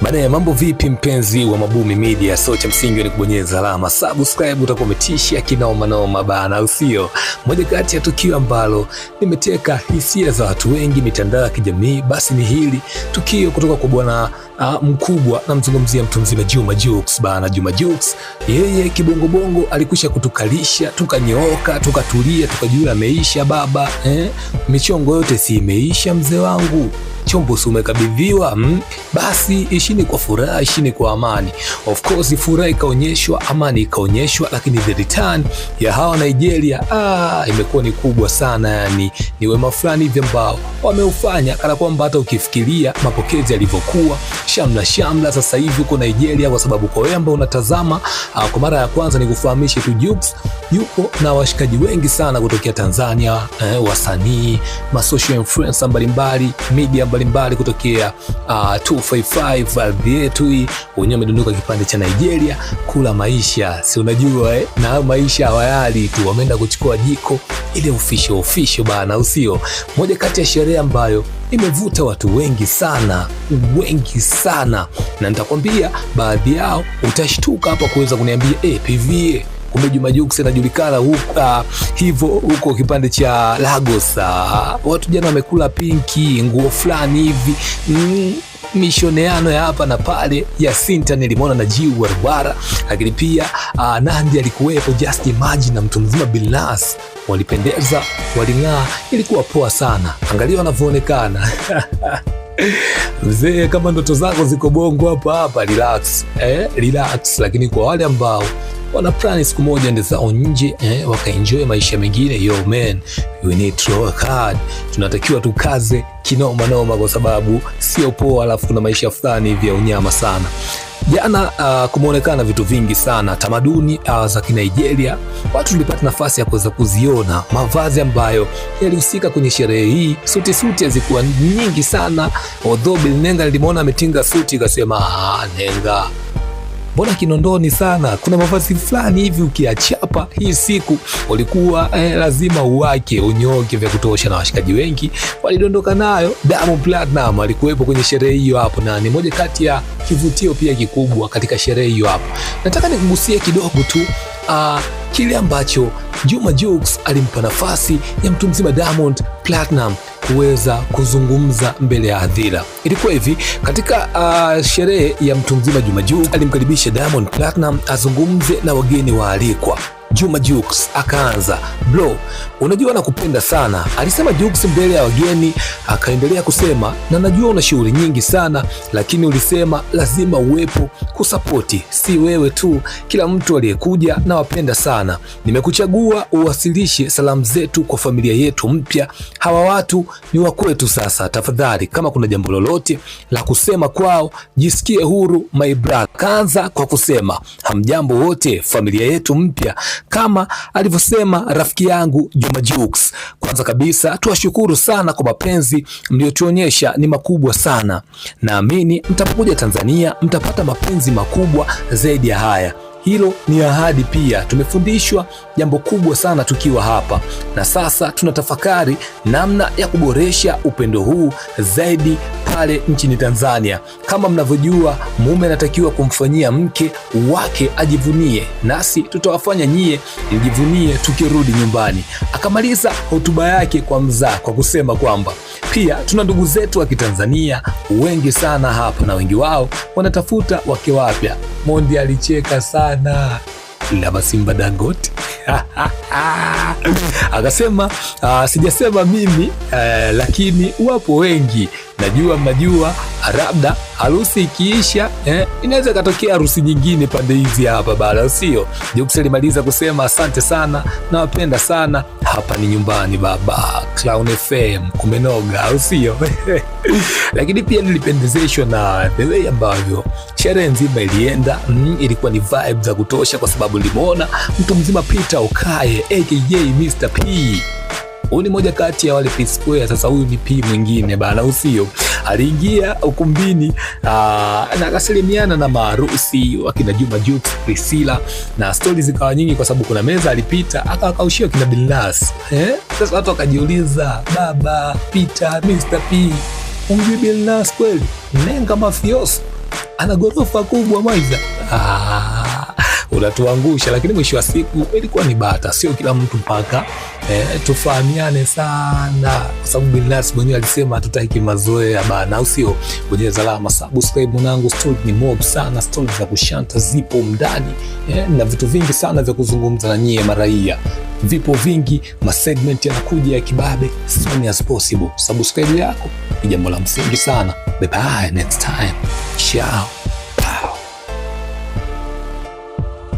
Baada ya mambo vipi, mpenzi wa Mabumi Media, so cha msingi ni kubonyeza alama subscribe, utakuwa umetisha kinaomanoma bana, usio moja kati ya tukio ambalo limeteka hisia za watu wengi mitandao ya kijamii, basi ni hili tukio kutoka kwa bwana uh, mkubwa, namzungumzia mtu mzima Juma Jux bana. Juma Jux yeye kibongobongo alikwisha kutukalisha, tukanyooka, tukatulia, tukajua ameisha baba eh, michongo yote si imeisha mzee wangu chombo si umekabidhiwa mm? Basi ishini kwa furaha, ishini kwa amani. Of course furaha ikaonyeshwa, amani ikaonyeshwa, lakini the return ya hawa Nigeria ah, imekuwa ni kubwa sana, yani ni wema fulani hivi ambao wameufanya kana kwamba hata ukifikiria mapokezi yalivyokuwa shamla shamla, sasa hivi uko Nigeria, kwa sababu kwa wewe ambao unatazama ah, kwa mara ya kwanza ni kufahamishe tu Jux yuko na washikaji wengi sana kutokea Tanzania eh, wasanii, ma social influencer mbalimbali, media mbali mbalimbali kutokea uh, 255 ardhi yetu hii. Wenyewe amedunduka kipande cha Nigeria kula maisha, si unajua eh? na maisha hawayali tu, wameenda kuchukua jiko ile official official bana, usio moja kati ya sherehe ambayo imevuta watu wengi sana wengi sana, na nitakwambia baadhi yao, utashtuka hapa kuweza kuniambia eh, PVA kumbe Juma Jux anajulikana uh, hivyo huko kipande cha Lagos. watu jana wamekula pinki, nguo fulani hivi mm mishoneano ya hapa na pale ya Sinta nilimwona na Jiu Warwara, lakini pia uh, Nandi alikuwepo, Just Imagine na mtu mzima Bilnas, walipendeza waling'aa, ilikuwa poa sana. Angalia wanavyoonekana mzee, kama ndoto zako ziko bongo hapa hapa, relax eh, relax. Lakini kwa wale ambao wana plani siku moja ndio zao nje eh, wakaenjoy maisha mengine. Yo man we need to work hard, tunatakiwa tukaze kinoma noma, kwa sababu sio poa, alafu kuna maisha fulani vya unyama sana. Jana uh, kumeonekana vitu vingi sana tamaduni uh, za Kinigeria. Watu tulipata nafasi ya kuweza kuziona mavazi ambayo yalihusika kwenye sherehe hii. Suti suti hazikuwa nyingi sana although Bill Nenga nilimwona ametinga suti, ikasema ah, Nenga mbona Kinondoni sana, kuna mavazi fulani hivi ukiachapa hii siku ulikuwa eh, lazima uwake unyoke vya kutosha, na washikaji wengi walidondoka nayo. Diamond Platnumz alikuwepo kwenye sherehe hiyo hapo, na ni moja kati ya kivutio pia kikubwa katika sherehe hiyo hapo. Nataka nikugusie kidogo tu uh, kile ambacho Juma Jux alimpa nafasi ya mtu mzima Diamond Platnumz kuweza kuzungumza mbele ya hadhira. Ilikuwa hivi katika uh, sherehe ya mtu mzima Juma Juu alimkaribisha Diamond Platinum azungumze na wageni waalikwa. Juma Jux akaanza, bro, unajua nakupenda sana, alisema Jux mbele ya wageni. Akaendelea kusema, na najua una shughuli nyingi sana, lakini ulisema lazima uwepo kusapoti, si wewe tu, kila mtu aliyekuja. Nawapenda sana, nimekuchagua uwasilishe salamu zetu kwa familia yetu mpya. Hawa watu ni wa kwetu sasa. Tafadhali, kama kuna jambo lolote la kusema kwao, jisikie huru my brother. Kaanza kwa kusema, hamjambo wote, familia yetu mpya kama alivyosema rafiki yangu Juma Jux. Kwanza kabisa tuwashukuru sana kwa mapenzi mliyotuonyesha, ni makubwa sana. Naamini mtapokuja Tanzania mtapata mapenzi makubwa zaidi ya haya. Hilo ni ahadi pia. Tumefundishwa jambo kubwa sana tukiwa hapa, na sasa tunatafakari namna ya kuboresha upendo huu zaidi pale nchini Tanzania. Kama mnavyojua, mume anatakiwa kumfanyia mke wake ajivunie, nasi tutawafanya nyie mjivunie tukirudi nyumbani. Akamaliza hotuba yake kwa mzaa kwa kusema kwamba pia tuna ndugu zetu wa Kitanzania wengi sana hapa, na wengi wao wanatafuta wake wapya. Mondi alicheka sana sana la Masimba Dangote akasema, uh, sijasema mimi uh, lakini wapo wengi najua, mnajua labda harusi ikiisha eh, inaweza ikatokea harusi nyingine pande hizi hapa bara, sio? Jokes alimaliza kusema asante sana, nawapenda sana hapa ni nyumbani baba, Clown FM kumenoga, au sio? Lakini pia nilipendezeshwa na the way ambavyo sherehe nzima ilienda. Mm, ilikuwa ni vibe za kutosha, kwa sababu nilimuona mtu mzima Peter Okaye aka Mr P Huyu ni moja kati ya wale Free Square. Sasa huyu ni P mwingine bana, usio aliingia ukumbini ah, na akasalimiana na maarusi wakina Juma Jux, Priscilla na stori zikawa nyingi, kwa sababu kuna meza alipita akawakaushia kina Bilnas eh? Sasa watu wakajiuliza, baba Peter, Mr P umjui Bilnas kweli? Nenga mafioso ana gorofa kubwa maiza ah unatuangusha, lakini mwisho wa siku ilikuwa ni bata, sio kila mtu mpaka eh, tufahamiane sana, kwa sababu binafsi mwenyewe alisema tutaiki mazoea bana, au sio? Kwenye alama subscribe mwanangu, story ni mob sana, story za kushanta zipo ndani eh, na vitu vingi sana vya kuzungumza na nyie maraia vipo vingi, ma segment yanakuja ya kibabe, soon as possible. Subscribe yako ni jambo la msingi sana. Bye bye, next time, ciao.